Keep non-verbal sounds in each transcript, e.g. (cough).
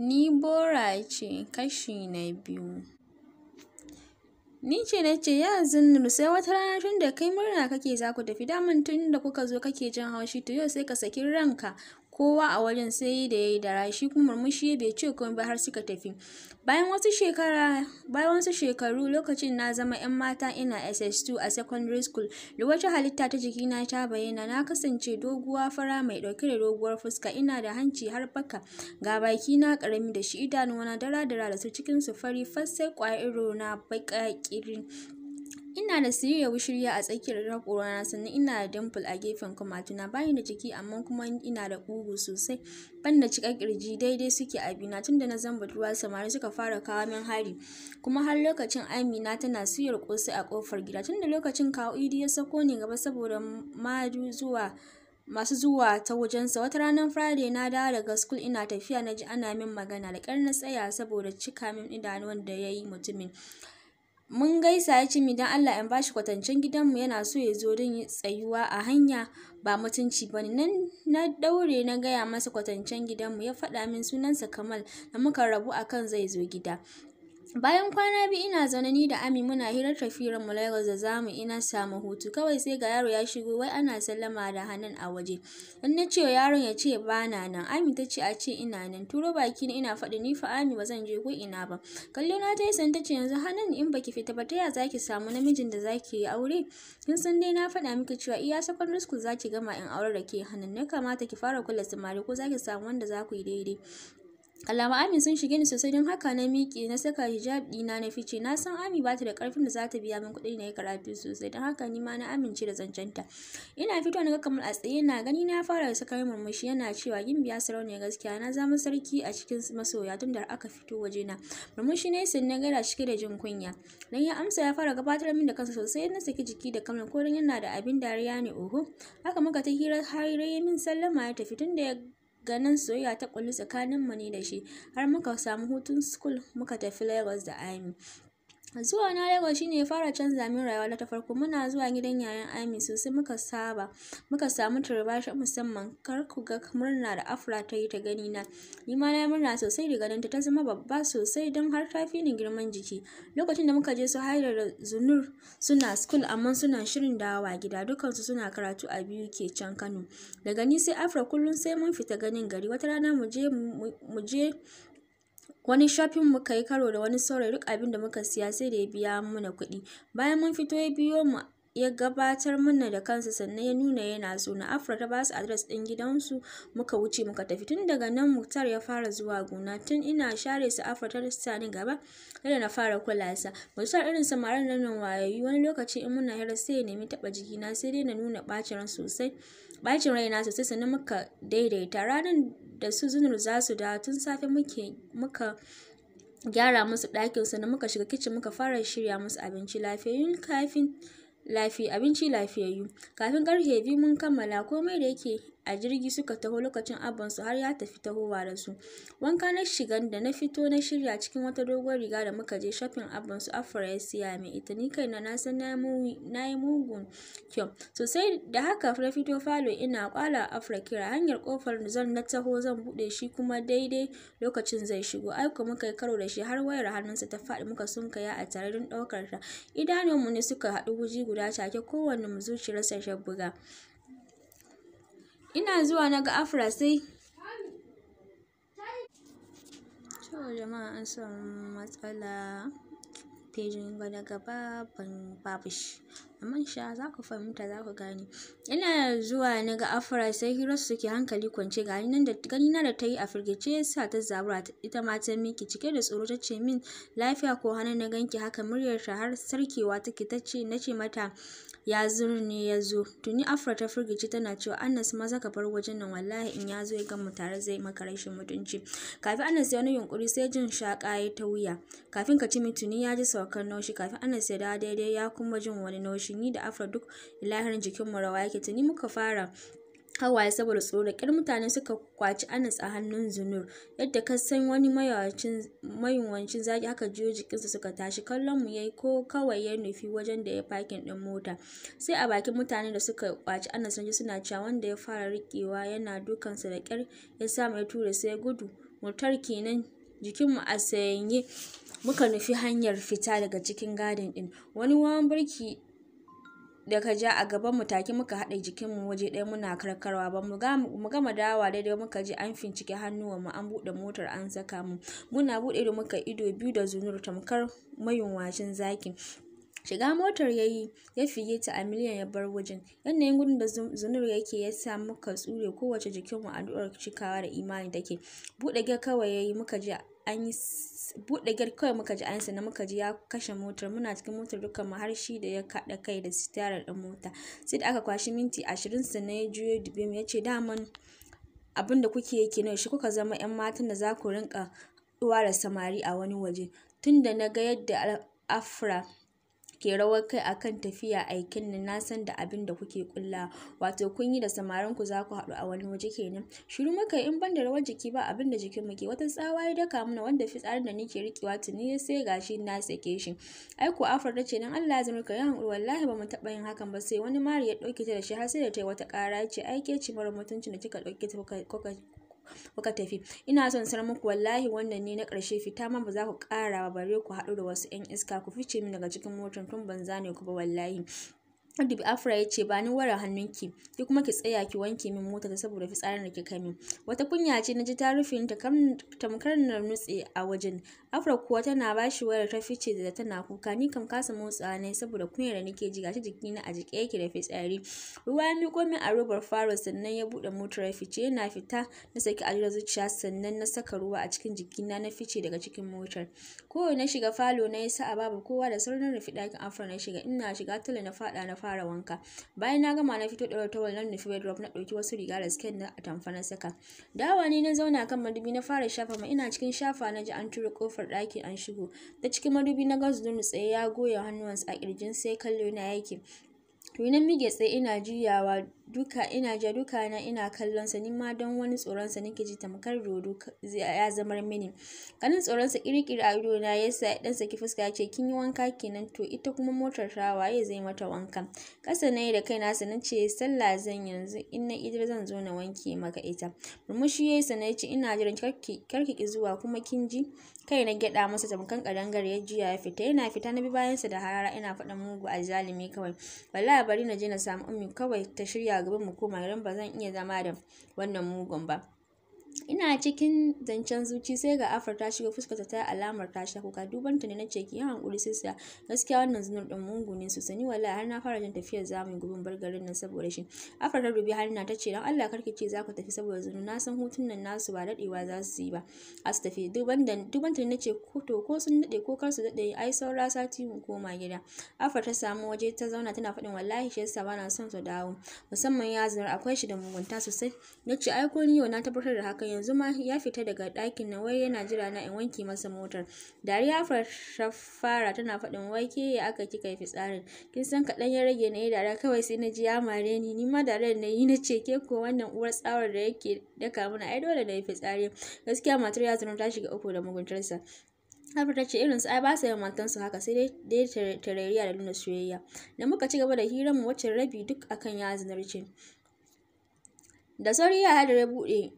Ni Bora ce kashi na biyu. Ni ce na ce, ya Zinnur, sai wata rana tun da kai murna kake za ku tafi, daman tun da kuka zo kake jin haushi, to yau sai ka saki ranka kowa a wajen sai da ya yi dara shi kuma murmushi bai ce komai ba har suka tafi bayan wasu shekaru lokacin na zama yan mata ina ss2 a secondary school da wata halitta ta jiki na ta bayyana na kasance doguwa fara mai dauke da doguwar fuska ina da hanci har baka ga baki na karami da shi na dara dara da su cikin su fari fasai sai na baka kirin Ina da siriryar shirya a tsakiyar haƙorana sannan ina da dimple a gefen tuna bayin da jiki amma kuma ina da ƙugu sosai. Ban da cika ƙirji daidai suke a bina tunda na zamba ruwa samari suka fara kawo min hari. Kuma har lokacin Amina tana siyar kosai a kofar gida tunda lokacin kawo Idi ya sako ni gaba saboda madu zuwa masu zuwa ta wajensa wata ranar friday na dawo daga school ina tafiya na ji ana min magana da kyar na tsaya saboda cika min idanuwan da ya yi mutumin mun gaisa ya ce don Allah in bashi kwatancen gidanmu yana so ya zo don tsayuwa a hanya ba mutunci ba ne na daure na gaya masa kwatancen gidanmu ya faɗa min sunansa Kamal da muka rabu akan zai zo gida Bayan kwana biyu ina zaune ni da Ami muna hirar mu Lagos da za mu ina samu hutu kawai sai ga yaro ya shigo wai ana sallama da hannun a waje. Dan na ce yaron ya ce ba na nan Ami ta ce a ce ina nan turo baki na ina faɗi ni fa Ami ba zan je ko ina ba. Kallo na ta yi san ta ce yanzu hannun in baki fita ba ta ya ki samu namijin da za ki yi aure? Kin san dai na faɗa miki cewa iya secondary school ki gama in aure da ke hannun ne kamata ki fara kula samari ko za ki samu wanda za ku yi daidai. Kalama Amin sun shige ni sosai don haka na miƙe na saka hijabi ɗina na fice na san Ami ba ta da ƙarfin da za ta biya min kuɗi na yi karatu sosai don haka ni ma na amince da zancenta. Ina fito na ga kamar a tsaye na gani na fara da sakar murmushi yana cewa yin gimbiya sarauniya gaskiya na zama sarki a cikin masoya tun da aka fito waje na. Murmushi na yi na gara cike da jin kunya. Dan ya amsa ya fara gabatar min da kansa sosai na saki jiki da kamar ko yana da abin dariya ne oho. Haka muka ta hira har ya min sallama ya tafi tun da ya ganin soyayya ta ƙullu mu ne da shi, har muka samu hutun sukul muka tafi Lagos da Ami. zuwa na Lagos shine fara canza min rayuwa ta farko muna zuwa gidan yayan Ami sosai muka saba muka samu turbashi musamman kar ku ga murna da Afra ta yi ta gani na ni ma na murna sosai da ganin ta zama babba sosai don har ta fi ni girman jiki lokacin da muka je su haida da Zunur suna school amma suna shirin dawowa gida dukansu suna karatu a biyu ke can Kano daga ni sai Afra kullum sai mun fita ganin gari wata rana mu je mu je wani shopping muka yi karo da wani saurayi duk abin da muka siya sai da ya biya mana kuɗi bayan mun fito ya biyo mu ya gabatar mana da kansa sannan ya nuna yana so na afra ta basu adres ɗin gidansu muka wuce muka tafi tun daga nan mutar ya fara zuwa gona tun ina share su afra ta sa ni gaba yadda na fara kula sa muktar irin samarin nan nan wayoyi wani lokaci in muna hira sai ya nemi taɓa jikina sai dai na nuna ɓacin sosai rai raina sosai sannan muka daidaita ranar da su zunur za su da tun safe muke muka gyara musu ɗakin su muka shiga kicin muka fara shirya musu abinci lafiyayyun kafin lafi abinci lafiyayyu kafin karfe biyu mun kammala komai da yake a jirgi suka taho lokacin su har ya tafi tahowa da su wanka na shigan da na fito na shirya cikin wata doguwar riga da muka je shafin abansu afra ya siya mai ita ni kai na san na yi mugun kyau sosai da haka na fito falo ina kwala afra hanyar kofar zan na taho zan bude shi kuma daidai lokacin zai shigo aiko muka yi karo da shi har wayar hannunsa ta faɗi muka sunkaya a tare don ɗaukar ta idanunmu ne suka haɗu guji guda take kowanne mu zuciyarsa ta buga ina zuwa na ga afra sai cewa jama'a an samu matsala fejin daga baban babu shi man sha za ku fahimta za ku gane ina zuwa na ga afra sai su ke hankali kwance ga nan da gani na da ta yi a firgice ya sa ta zabura ita mata miki cike da tsoro ta ce min lafiya ko hana na ganki haka muryar ta har sarkewa take ta ce na ce mata ya ne ya zo tuni afra ta firgice tana cewa anas maza ka bar wajen nan wallahi in ya zo ya gamu tare zai maka rashin mutunci kafin anas ya wani yunkuri sai jin shaka ta wuya kafin ka ci tuni ya ji saukar naushi kafin anas ya dawo daidai ya kuma jin wani naushi shi ni da afra duk ilahirin jikinmu rawa yake tuni muka fara hawaye saboda tsoro da mutane suka kwaci anas a hannun zunur yadda ka san wani mayuwancin zaki haka jiyo jikinsa suka tashi kallon mu yayi ko kawai ya nufi wajen da ya fakin din mota sai a bakin mutane da suka kwaci anas sun ji suna cewa wanda ya fara rikewa yana dukansa da kyar ya samu ya tura sai gudu mutar kenan jikinmu a sanye muka nufi hanyar fita daga cikin gadin din wani wawan birki da ka ja a gaban mu take muka haɗa jikin mu waje ɗaya muna karkarwa ba mu gama dawa daidai muka ji an fincike hannuwan mu an buɗe motar an saka mu muna buɗe da muka ido biyu da zunur tamkar mayun mayunwacin zaki shiga motar ya yi ya fiye ta a miliyan ya bar wajen yanayin gudun da zunur yake ya sa muka tsure kowace jikinmu addu'ar cikawa da imani take buɗe ga kawai ya yi muka ji an yi buɗe kawai muka ji an sannan muka ji ya kashe motar muna cikin motar dukkan mu har shi da ya kaɗa kai da sitarar ɗin mota sai da aka kwashi minti ashirin sannan ya juyo dubi mu ya ce daman abin da kuke yake na shi kuka zama 'yan matan da za ku rinka ɗuwa da samari a wani waje tunda na ga yadda afra ke rawar kai akan tafiya aikin nan na san da abin da kuke kulla wato kun yi da samarin ku za ku haɗu a wani waje kenan shiru muka in ban da rawar jiki ba abin da jikin mu ke wata tsawa ya daka mana wanda fitsarin da nake rikewa tuni sai gashi na sake shi ai ku afar da ce nan Allah ya zama ka yan wallahi ba mu taba yin hakan ba sai wani mari ya ɗauke ta da shi har sai da ta yi wata kara ce ai ke ci mara mutuncin da kika ɗauke ta kuka tafi ina son sar muku wallahi wannan ne na ƙarshe fita ma ba za ku ƙara ba bare ku haɗu da wasu 'yan iska ku fice min daga cikin motar tun ban zane ku ba wallahi Dubi Afra ya ce, ba ni wara hannunki, ki kuma ki tsaya ki wanke min mota saboda fitsarin da kika min. Wata kunya ce na ji ta rufe ta tamkar na nutse a wajen. Afra kuwa tana ba shi wayar ta fice da tana kuka, ni kam kasa motsawa ne saboda kunyar da nake ji gashi na a jike yake da fitsari. Ruwa ya miƙo min a robar faro sannan ya buɗe motar ya fice, yana fita na saki ajiyar zuciya sannan na saka ruwa a cikin jikina na fice daga cikin motar. Ko na shiga falo na yi sa'a babu kowa da sauran rufe ɗakin Afra na shiga, ina shiga tala na faɗa na faɗa. fara wanka bayan na gama na fito ɗaura tawal na nufi wardrobe na ɗauki wasu riga da skirt na atamfa na saka dawa ne na zauna kan madubi na fara shafa ma ina cikin shafa na ji an tura kofar ɗaki an shigo ta cikin madubi na ga zunu tsaye ya goya hannuwansa a kirjin sai kallo na yake to na mike tsaye ina juyawa duka ina ja duka na ina kallon sa ni ma don wani tsoron sa nake ji tamkar dodo ya zamar mini kanin tsoron sa kirkir a ido na yasa dan saki fuska ya ce kin yi wanka kenan to ita kuma motar ta waye zai mata wanka kasa nayi da kaina sa nace sallah zan yanzu in na idar zan zo na wanke maka ita murmushi yayi sa nace ina jiran karki karki zuwa kuma kin ji kai na gyaɗa masa tamkan ƙadangar ya jiya ya fita yana fita na bi bayansa da harara ina faɗin mugu a zalimi kawai wallahi bari na je na samu ummi kawai ta shirya gaban mu koma idan ba zan iya zama da wannan mugun ba ina cikin zancen zuci sai ga afar ta shiga fuska ta ta alamar ta sha kuka duban ta ne na ce ki yi hankuri sisiya gaskiya wannan zunar din mungu ne su sani wallahi har na fara jin tafiyar zamu gubin bar garin nan saboda shi afar ta har na ta ce dan Allah karki ce za ku tafi saboda zunu na san hutun nan nasu ba dadewa za su yi ba a su tafi duban da duban ta ne na ce ko to ko sun dade ko kar su dade ai saura sati mu koma gida afar ta samu waje ta zauna tana faɗin wallahi shi yasa bana son su dawo musamman ya zunar akwai shi da mugunta sosai na ce ai ko ni yau na tabbatar da hakan yanzu ma ya fita daga ɗakin nan wai yana jira na in wanke masa motar. Dariya Afra fara tana faɗin wai ke ya aka kika yi fitsarin. Kin san kaɗan ya rage na yi dara kawai sai na ji ya mare ni. Ni ma dariyar na yi na ce ke ko wannan uwar tsawar da yake daka mana ai dole na yi fitsari. Gaskiya matar ya zama ta shiga uku da muguntarsa. Harfa ta ce irin ai ba sa yin matansu haka sai dai tarayya da nuna soyayya. Da muka ci gaba da hiranmu wacce rabi duk akan ya zinarci. Da sauri ya hadare buɗe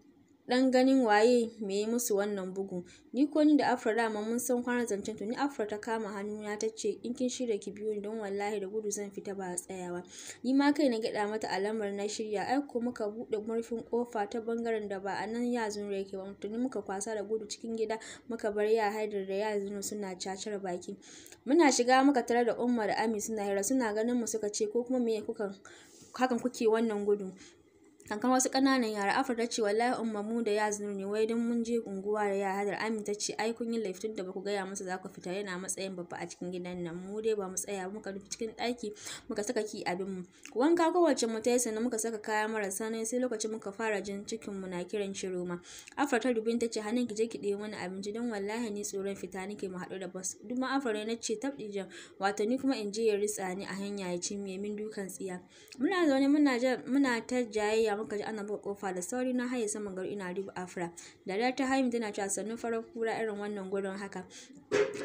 ɗan ganin waye me yi musu wannan bugu ni ko ni da afra dama mun san kwanan zancen to ni afra ta kama hannuna ta ce in kin shirya ki biyo ni don wallahi da gudu zan fita ba tsayawa ni ma kai na gyaɗa mata alamar na shirya ai ko muka buɗe murfin kofa ta bangaren da ba a nan yazun yake ba tuni muka kwasa da gudu cikin gida muka bar ya haidar da yazun suna cacar baki muna shiga muka tare da umma da ami suna hira suna ganin mu suka ce ko kuma me kuka hakan kuke wannan gudu? Tamkar wasu ƙananan yara Afra ta ce wallahi umma mu da Yaznur ne wai don mun je unguwa da ya Hadar Amin ta ce ai kun yi laifin da baku gaya masa za ku fita yana matsayin babba a cikin gidan nan mu dai ba mu tsaya ba muka nufi cikin ɗaki muka saka ki abin mu. Wanka kowace mu ta yi sannan muka saka kaya marasa nan sai lokacin muka fara jin cikin mu na kiran ciro ma. Afra ta rubin ta ce hannun ki je ki ɗebi mana abinci don wallahi ni tsoron fita nake mu haɗu da bas. Duk ma Afra ne na ce jan wato ni kuma in je ya ritsa ni a hanya ya cinye min dukan tsiya. Muna zaune muna ta jayayya muka ji ana buga kofa da sauri na haye saman gari ina ribu afra da ta haim tana cewa sannu farar kura irin wannan gurin haka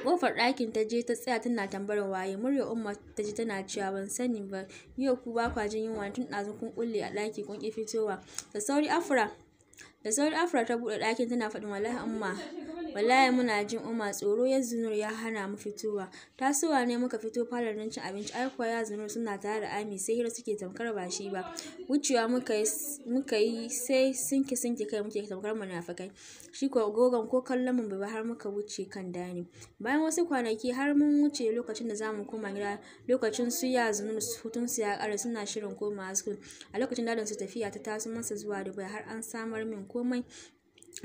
kofar ɗakin ta je ta tsaya tana tambayar waye murya umma ta ji tana cewa ban sani ba yau ku ba kwa jin yunwa tun ɗazu kun kulle a ɗaki kun ƙi fitowa da sauri afra da sauri afra ta bude dakin tana faɗin wallahi amma wallahi muna jin umma tsoro ya zunur ya hana mu fitowa tasowa ne muka fito falar don cin abinci ai kuwa ya zunur suna tare da ami sai hira suke tamkar ba shi ba wucewa muka yi sai sinki sinki kai muke tamkar munafikai shi ko gogon ko kallon mu ba har muka wuce kan dani bayan wasu kwanaki har mun wuce lokacin da zamu koma gida lokacin su ya zunur hutun su ya kare suna shirin koma a lokacin dadin su tafiya ta taso masa zuwa dubai har an samar min komai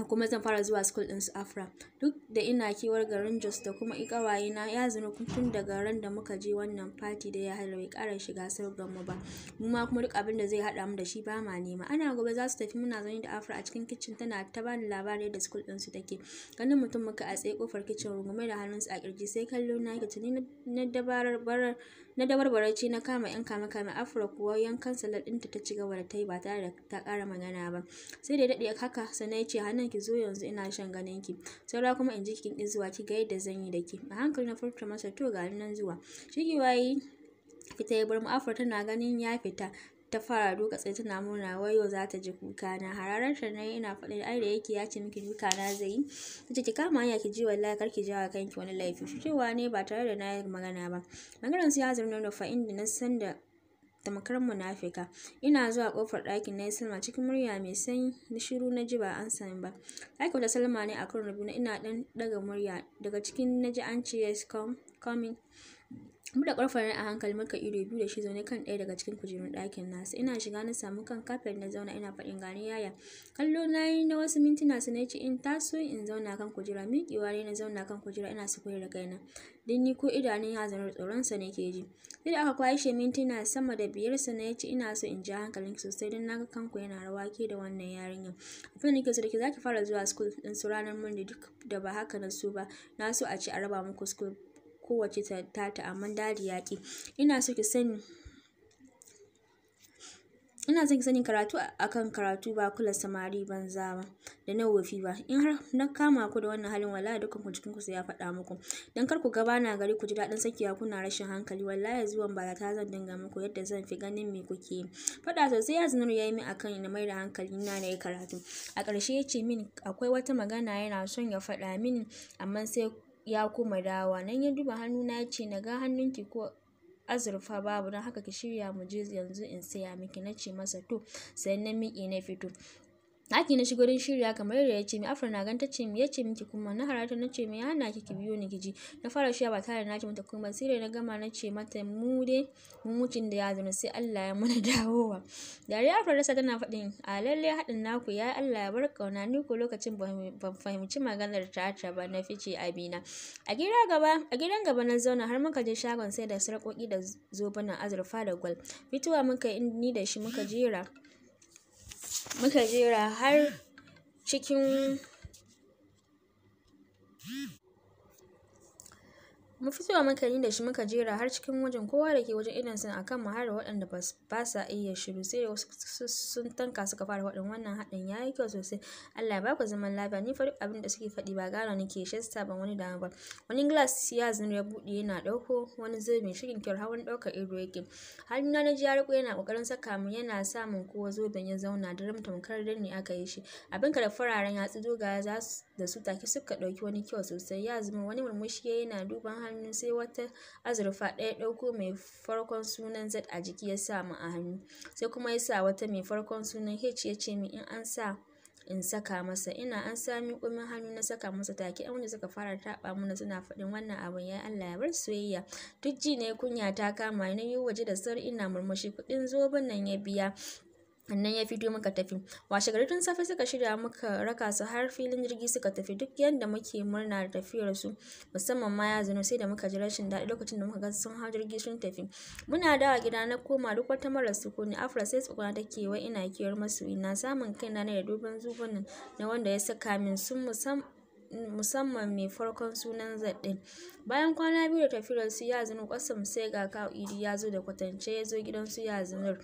kuma zan fara zuwa school ɗin su Afra. Duk da ina kewar garin Jos da kuma ikawaye na ya zina tun daga ran da muka je wannan fati da ya hada bai ƙara shiga sirgan mu ba. Mu ma kuma duk abin da zai haɗa mu da shi ba ma nema. Ana gobe za su tafi muna zaune da Afra a cikin kitchen tana ta bani labari da school ɗin su take. Ganin mutum muka a tsaye kofar kitchen rungume da hannunsa a kirji sai kallo na yake tuni na dabarar barar Na barci na kama 'yan kame-kamen Afro kuwa yankan salad ɗinta ta ci gaba da ta yi ba tare da ta kara magana ba. Sai da daɗe haka sannan ya ce hannun ki zo yanzu ina shan ganin ki. Saura kuma in ji kin ki zuwa ki ga yadda zan yi da ki. A hankali na furta masa to ga nan zuwa. Shigewa waye fita ya bar mu Afro tana ganin ya fita ta fara duka tsaye tana murna wai yau za ta ji kuka na hararar ta ina faɗi ai da yake ya ce miki duka na zai yi tace ki kama hanya ki ji wallahi kar ki jawa kanki wani laifi shi cewa ne ba tare da nayi magana ba maganar su ya zama da fa'in da na san da tamakar munafika ina zuwa kofar ɗakin na salma cikin murya mai sanyi na shiru na ji ba an sani ba aiki da salma ne a kan rubuna ina ɗan ɗaga murya daga cikin na ji an ce yes come coming buɗe ƙofar ne a hankali muka ido biyu da shi zaune kan ɗaya daga cikin kujerun ɗakin nasa ina shiga na samu kan kafet na zauna ina faɗin gani yaya kallo na yi na wasu mintuna su na ci in taso in zauna kan kujera miƙewa ne na zauna kan kujera ina su da kaina don ni ko idanun yazanar tsoron sa ke ji sai da aka kwashe mintuna sama da biyar sa na ci ina so in ji hankalin sosai don naga kanku yana rawa ke da wannan yarinyar abin da ke so da ke zaki fara zuwa school din su ranar mun da duk da ba haka na su ba na so a ci a raba muku school kowace tata amma dadi ya ina so ki sani ina son ki sani karatu akan karatu ba kula samari banza ba da na wofi ba in har na kama ku da wannan halin wallahi dukkan ku cikin ku sai ya faɗa muku dan kar ku gaba na gari ku ji daɗin sakiya kuna rashin hankali wallahi zuwan ba ta zan dinga muku yadda zan fi ganin me kuke yi faɗa sosai ya yayi min akan na mai da hankali na nayi karatu a ƙarshe ya ce min akwai wata magana yana son ya faɗa min amma sai ya kuma dawa Nan ya duba hannuna ya ce, na ga hannunki ko azurfa babu don haka ki shirya mu je yanzu in saya miki. Na ce masa to, sai na miƙe na fito. aki na shigo don shirya kamar yadda ya ce mi afar na ganta ce mi ya ce miki kuma na harata na ce mi ya hana ki ki biyo ni kiji na fara shiya ba tare na ke mata kuma sirri na gama na ce mata mu dai mu mucin da ya zama sai Allah ya muna (laughs) dawowa dare afar rasa tana faɗin a lalle haɗin naku ya Allah ya bar kauna ni ko lokacin ban fahimci maganar ta ta ba na fice abina a bina. gaba a gidan gaba na zauna har muka je shagon sai da sarƙoƙi da zobunan azurfa da gwal fitowa muka yi ni da shi muka jera muka jera har cikin mu fi zuwa makani da shi muka jera har cikin wajen kowa da ke wajen idon sun akan mu mahara waɗanda ba sa iya shiru sai wasu sun tanka suka fara waɗin wannan haɗin ya yi kyau sosai Allah ya baku zaman lafiya ni duk abin da suke faɗi ba gano ke shasta ban wani dama ba wani glass ya zinu ya buɗe yana ɗauko wani zobin shirin kyau har wani ɗaukar ido yake har na na ya riko yana ƙoƙarin saka mu yana samun kowa zobin ya zauna da ramta tamkar ni aka yi shi abin ka da fararen yatsu dogaye za su da su take suka ɗauki wani kyau sosai ya zama wani murmushi ya yana duban hannu sai wata azurfa ɗaya dauko mai farkon sunan z a jiki ya sa mu a hannu sai kuma ya sa wata mai farkon sunan h ya ce min in an sa in saka masa ina an sami kumin hannu na saka masa take an wanda suka fara taba mana suna faɗin wannan abun ya Allah ya bar soyayya duk ji ne kunya ta kama na yi waje da sauri ina murmushi kuɗin zoben nan ya biya sannan ya fito muka tafi washe gari tun safe suka shirya muka raka su har filin jirgi suka tafi duk yadda muke murna da tafiyar su musamman ma ya zano sai da muka ji rashin daɗi lokacin da muka ga sun hau jirgi sun tafi muna dawa gida na koma duk wata mara sukuni afra sai tsuguna take wai ina kiyar masu ina samun kai na da duban zuban na wanda ya saka min sun musamman mai farkon sunan zaɗin bayan kwana biyu da tafiyar su ya yazinu kwasam sai ga kawo idi ya zo da kwatance ya zo gidan su yazinur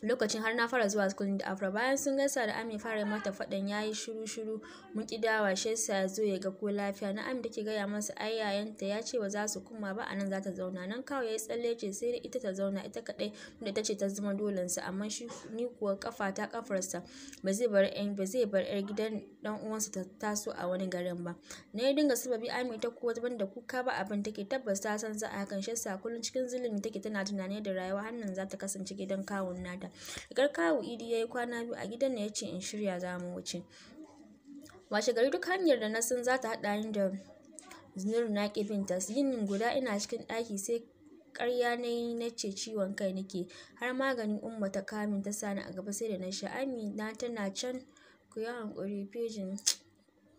lokacin har na fara zuwa school da afra bayan sun gaisa da ami fara mata fadan yayi shiru shiru mun ki dawa shi sa ya zo ya ga ko lafiya na ami take gaya masa ai yayanta ya ce ba za su kuma ba nan za ta zauna nan kawai yayi tsalle ce sai ita ta zauna ita kadai da ita ce ta zama dolen sa amma shi ni kuwa kafa ta kafarsa ba zai bar yan ba zai bar yar gidan dan uwansa ta taso a wani garin ba na yi dinga sababi ami ta kuwa da kuka ba abin take tabbas ta san za a hakan shi sa kullum cikin zulumi take tana tunani da rayuwa hannun za ta kasance gidan kawun nata mata. Rigar kawu Idi ya yi kwana biyu a gidan ne ya ce in shirya za mu wuce. Washe gari duk hanyar da na san za ta haɗa ni da Zinuru na ƙi ta yin guda ina cikin ɗaki sai karya na yi na ce ciwon kai nake har maganin umma ta kamin ta sani a gaba sai da na sha amina tana can ku yi hankuri pejin.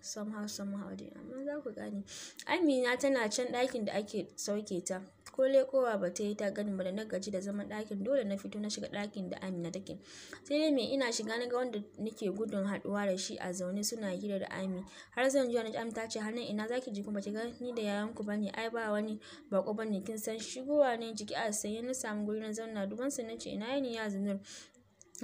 somehow somehow dai amma za ku gane amina tana can ɗakin da ake sauke ta ko lekowa ba ta yi ta gani ba da na gaji da zaman ɗakin dole na fito na shiga ɗakin da amina take sai dai mai ina shiga na ga wanda nake gudun haɗuwa da shi a zaune suna hira da ami har zan ji wani ami ta ce har ina zaki ji kuma ga ni da yayan ku bane ai ba wani bako bane kin san shigowa ne jiki a sanye na samu guri na zauna duban na ce ina ne ya zunur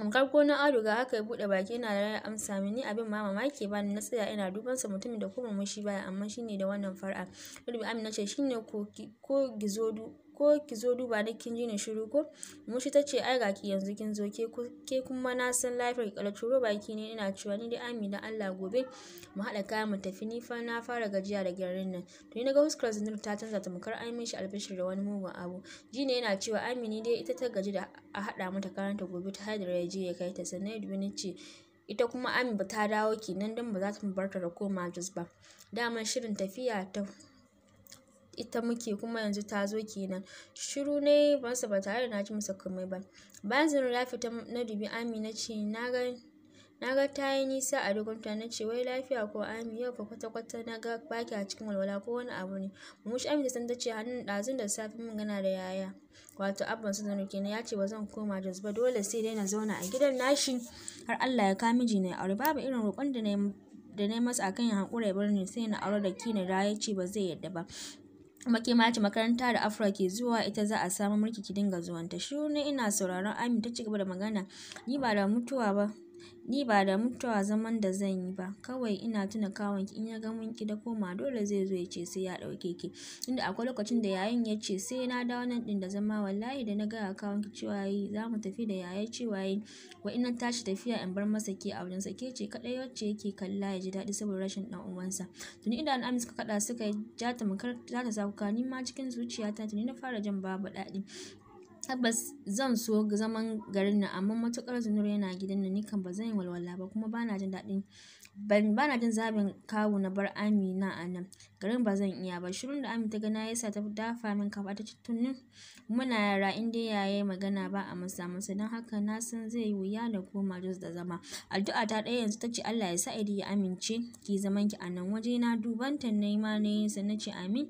tamkar ko na ga haka ya buɗe baki yana da ya amsa mini abin ma mamaki ba na tsaya ina duban sa mutumin da kuma mushi baya amma shine da wannan far'a Rubi Amina ce shine ko ko gizo ko ki zo duba ni kin ji ni shiru ko mushi ta ce ai ga ki yanzu kin zo ke ke kuma na san lafiyar kalacuro baki ne ina cewa ni dai amina Allah gobe mu haɗa kaya mu tafi ni fa na fara gajiya da gyaran nan to ni naga huskar zinur ta canza tamkar ai shi albishir da wani mugun abu ji ne yana cewa amini dai ita ta gaji da a haɗa mata karanta gobe ta haidar ya je ya kai ta sannan dubi ni ce ita kuma amina ba ta dawo kenan don ba za ta bar ta da koma Jos ba. Daman shirin tafiya ta ita muke kuma yanzu ta zo kenan shiru ne masa ba tare da na ji masa komai ba bayan zinar ya fita na dubi ami na ce na ga na ta yi nisa a ta na ce wai lafiya ko ami yau fa kwata kwata na ga baki a cikin walwala ko wani abu ne mushi ami da san ta ce hannun ɗazun da safe mun gana da yaya wato abban su zanu kenan ya ce ba zan koma jos ba dole sai dai na zauna a gidan nashi har allah ya kawo miji na aure babu irin roƙon da na yi masa akan ya haƙura ya bar ni sai na aure da ki na da ya ce ba zai yadda ba makima ce makaranta da afra ke zuwa ita za a samu mulki ki dinga zuwanta shi ne ina sauraron amin ta cigaba da magana ni ba da mutuwa ba Ni ba da mutuwa zaman da zan yi ba. Kawai ina tuna ki in ya ga mun ki da koma dole zai zo ya ce sai ya ɗauke ki. Tunda akwai lokacin da yayan ya ce sai na dawo nan ɗin da zama wallahi da na gaya kawon ki cewa yi za mu tafi da yaya cewa yi wa ina tashi tafiya in bar masa ke a sa ke ce kaɗai wacce yake kalla ya ji daɗi saboda rashin ɗan uwansa. Tuni idanun na suka kada suka ja tamkar za ta sa Ni ma cikin zuciyata tuni na fara jin babu daɗi. tabbas zan so zaman garin nan amma matuƙar Zunur yana gidan nan nikan ba zan yi walwala ba kuma bana jin daɗin bana jin zabin kawu na bar Amina a nan garin ba zan iya ba shirin da amina ta ga na yasa ta dafa min kafa ta tunnin muna yara in dai yaye magana ba a masa masa don haka na san zai yi wuya da koma Jos da zama addu'a ta ɗaya yanzu ta ce Allah ya sa ya amince ki zaman ki a nan waje na dubanta na yi ma na yi sa na ce amin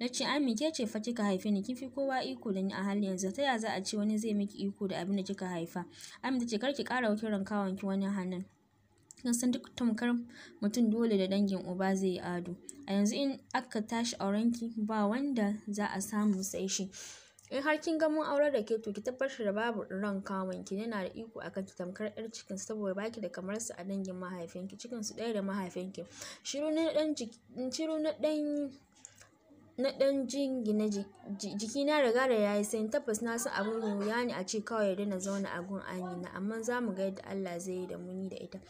Na ce Ami ke ce fa kika haife ni kin fi kowa iko da ni a hali yanzu ta ya za a ce wani zai miki iko da abin da kika haifa. Ami ta ce kar ki ƙara kiran ki wani hannun. kin san duk tamkar mutum dole da dangin uba zai yi ado a yanzu in aka tashi auren ki ba wanda za a samu sai shi in har kin ga mun aure da ke to ki tabbatar da babu ran kawon ki yana da iko akan ki tamkar yar cikin saboda baki da kamar su a dangin mahaifinki cikin su ɗaya da mahaifinki shiru na dan na ɗan jingina jiki na riga da yayi sanyi tabbas na san abin mu wuya ne a ce kawai ya na zauna a gun Amina amma za mu ga yadda Allah zai yi da mu ni da ita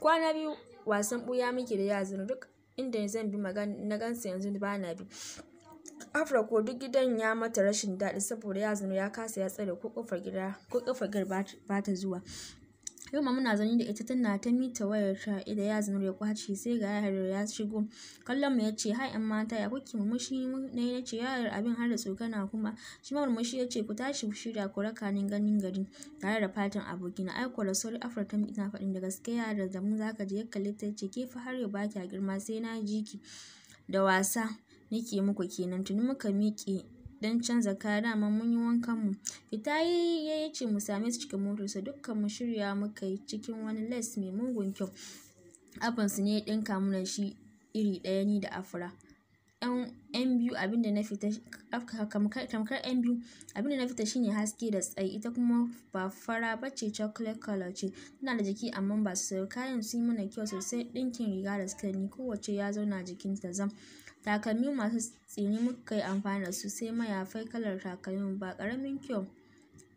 kwana biyu wasan ɓuya muke da yazin duk inda zan bi na gansa yanzu ba na bi afra ko duk gidan ya mata rashin daɗi saboda yazin ya kasa ya tsare ko kofar gida ko ta zuwa Yau ma muna zaune da ita tana ta mita wayar ta idan ya zama kwace sai ga Yahaya ya shigo. Kallon mu yace ce, "Hai ‘yan mata, ya kuke murmushi?" Na yi na ce, abin har da tsokana kuma." Shi ma murmushi ya ce, "Ku tashi ku shirya ku raka ni ganin gari." Tare da fatan abokina, na aiko da sauri Afirka ina faɗin da gaske da mu zaka je ya kalli ta ce, "Ke fa har ya baki a girma sai na jiki Da wasa nake muku kenan, tuni muka miƙe. don canza kaya dama mun yi wankan mu. Fita yi ya ce mu same su cikin motarsa dukkan mu shirya muka yi cikin wani les mai mugun kyau. su ne ya ɗinka shi iri ɗaya ni da Afra. 'Yan biyu abin da na fita tamkar 'yan biyu abin na fita shine haske da tsayi ita kuma ba fara bace chocolate color ce tana da jiki amma ba su kayan sun yi mana kyau sosai ɗinkin riga da siket ni kowace ya zauna jikinta zam. takalmi masu tsini muka yi amfani da su sai mayafai kalar takalmin ba karamin kyau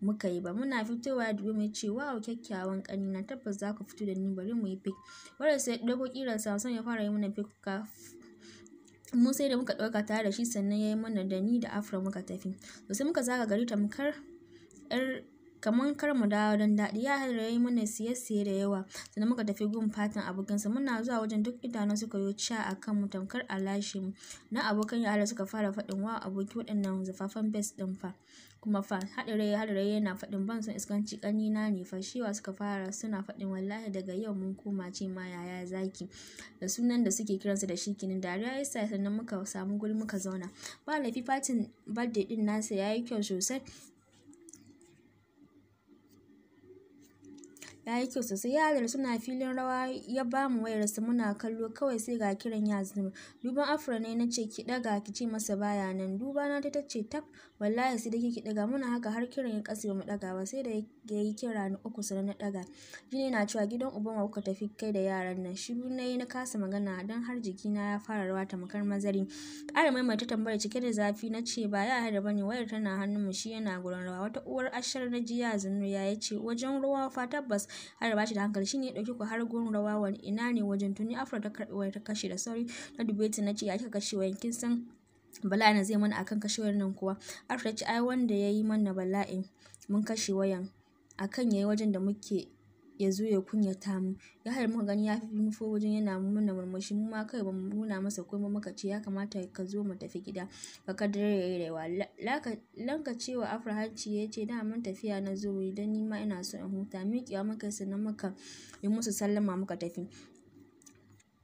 muka yi ba muna fitowa ya duba mu ce wow kyakkyawan ƙanina na tabbas za ku fito da ni bari mu yi pic wanda sai ɗauko ƙirar Samsung ya fara yi mana pic mu sai da muka ɗauka tare da shi sannan ya yi mana da ni da Afra muka tafi sosai sai muka zaga gari tamkar 'yar Kamar kar mu dawo don daɗi, ya yi mana siye-siye da yawa, sannan muka tafi gun fatan abokansa. Muna zuwa wajen duk idanun suka yi ca a kan mu tamkar a lashe mu. na abokan Ya'ala suka fara faɗin wa aboki waɗannan zafafan best ɗin fa. Kuma fa haɗin rai haɗin rai yana faɗin ban son iskanci ƙanina ne fa. shiwa suka fara suna faɗin wallahi daga yau mun koma ce ma yaya zaki. Da sunan da suke kiransa da shi kenan. Dariya ya sa sannan muka samu guri muka zauna. Ba laifi fatin birthday ɗin nasa ya yi kyau sosai. ya yi kyau sosai yaran suna filin rawa ya ba mu wayarsa muna kallo kawai sai ga kiran ya zama duban afro ne na ce ki daga ki ce masa baya nan duba na ta ce tab wallahi sai da ki daga muna haka har kiran ya kasa mu daga ba sai da ya yi kira na uku sai na daga jini na cewa gidan uban wa kuka tafi kai da yaran nan shiru na yi na kasa magana dan har jiki na ya fara rawa ta makar mazari ƙara maimaita tambaya cike da zafi na ce ba ya da bane wayar tana hannun mu shi yana gurin rawa wata uwar ashar na jiya zunnu ya ce wajen ruwa fa tabbas har ba shi da hankali shine ya dauki ku har gurin rawa wani ina ne wajen tuni afro ta karbi wani ta kashe da sauri na dube na ce ya kika kashe wayar kin san bala'in zai mana akan kashe wayan nan kuwa afro ta ce ai wanda yayi mana bala'in mun kashe wayan akan yayi wajen da muke ya zo ya kunyata mu. Ya haɗa muka gani ya nufo wajen yana mana murmushi mu ma kawai ba nuna masa komai muka ce ya kamata ka zo mu tafi gida ka kaddar ya yi rayuwa. Lanka cewa Afra ya ce da daman tafiya na zo idan nima ni ma ina so in huta. Miƙewa muka yi sannan muka yi musu sallama muka tafi.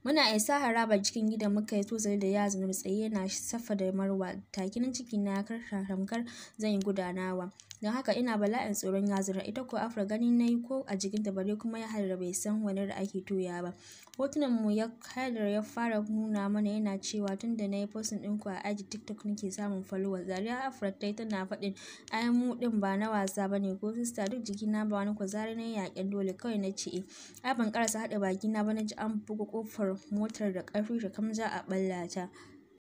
Muna isa haraba cikin gida muka yi tosa da ya zama tsaye yana safa da Marwa. Take ciki na ya zan yi gudanawa. Don haka ina bala'in tsoron yazira. Ita ko Afra gani na yi ko a jikinta bare kuma ya Yahaya bai san wani da ake toya ba. Hotunan mu ya hadar ya fara nuna mana yana cewa tun da na yi postin ku a aji TikTok nake samun falowa Dariya Afra ta yi tana faɗin ai mu ɗin ba na wasa ba ne ko sista duk jikina ba wani zari na yaƙin dole kawai na ce eh. Ai ban ƙarasa haɗa bakina ba na ji an buga ƙofar motar da ƙarfi da kamja a ɓalla ta.